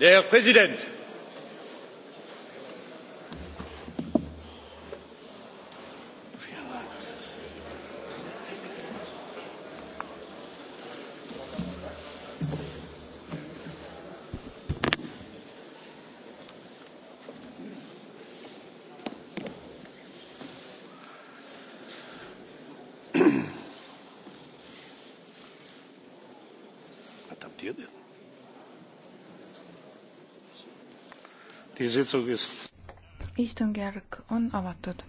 Der Präsident. adaptiert werden. istungjärk on avatud.